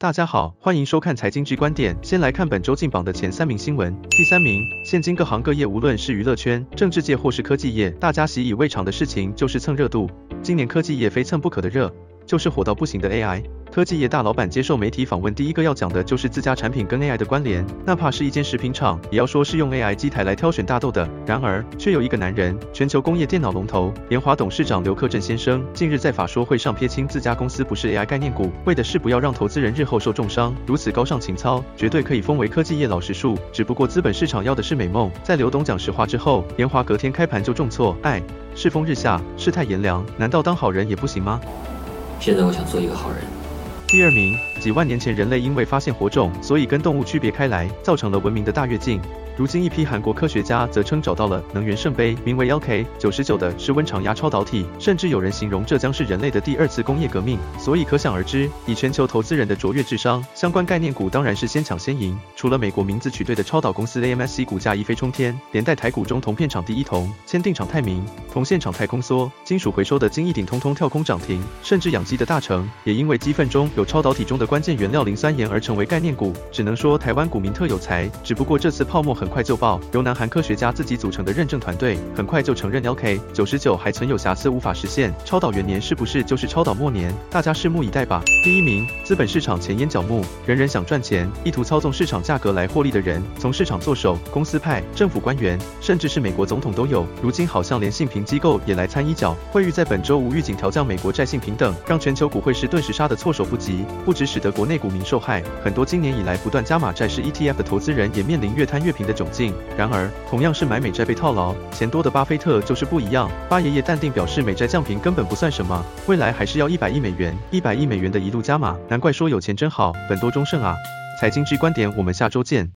大家好，歡迎收看財經 G 觀點。先來看本周進榜的前三名新聞。第三名，現今各行各業，無論是娛樂圈、政治界或是科技業，大家習以為常的事情就是蹭熱度。今年科技業非蹭不可的熱，就是火到不行的 AI，科技業大老闆接受媒體訪問，第一個要講的就是自家產品跟 AI 的關聯，哪怕是一間食品廠，也要說是用 AI 機台來挑選大豆的。然而，卻有一個男人，全球工業電腦龍頭研華董事長劉克振先生，近日在法說會上撇清自家公司不是 AI 概念股，為的是不要讓投資人日後受重傷。如此高尚情操，絕對可以封為科技業老實樹。只不過資本市場要的是美夢，在劉董講實話之後，研華隔天開盤就重挫。唉，世風日下，世態炎涼，難道當好人也不行嗎？現在我想做一個好人。第二名，幾萬年前人類因為發現火種，所以跟動物區別開來，造成了文明的大躍進。如今一批韓國科學家則稱找到了能源聖杯，名為 LK 九十九的室溫常壓超導體，甚至有人形容這將是人類的第二次工業革命。所以可想而知，以全球投資人的卓越智商，相關概念股當然是先搶先贏。除了美國名字取對的超導公司 AMSC 股價一飛沖天，連帶台股中銅片廠第一銅、鉛錠廠泰銘、銅線廠太空梭、金屬回收的金益鼎通通跳空漲停，甚至養雞的大成也因為雞糞中有超導體中的關鍵原料磷酸鹽而成為概念股，只能說台灣股民特有才。只不過這次泡沫很快就爆。由南韓科學家自己組成的認證團隊，很快就承認 LK 九十九還存有瑕疵，無法實現。超導元年是不是就是超導末年？大家拭目以待吧。第一名，資本市場錢淹腳目，人人想賺錢，意圖操縱市場價格來獲利的人，從市場做手、公司派、政府官員，甚至是美國總統都有。如今好像連信評機構也來參一腳。惠譽在本周無預警調降美國債信評等讓全球股匯市頓時殺得措手不及。不只使得國內股民受害，很多今年以來不斷加碼債市 ETF 的投資人也面臨越攤越平的窘境。然而，同樣是買美債被套牢，錢多的巴菲特就是不一樣。巴爺爺淡定表示，美債降評，根本不算什麼，未來還是要一百億美元，一百億美元的一路加碼。難怪說有錢真好，本多終勝啊！財經 G 觀點，我們下週見。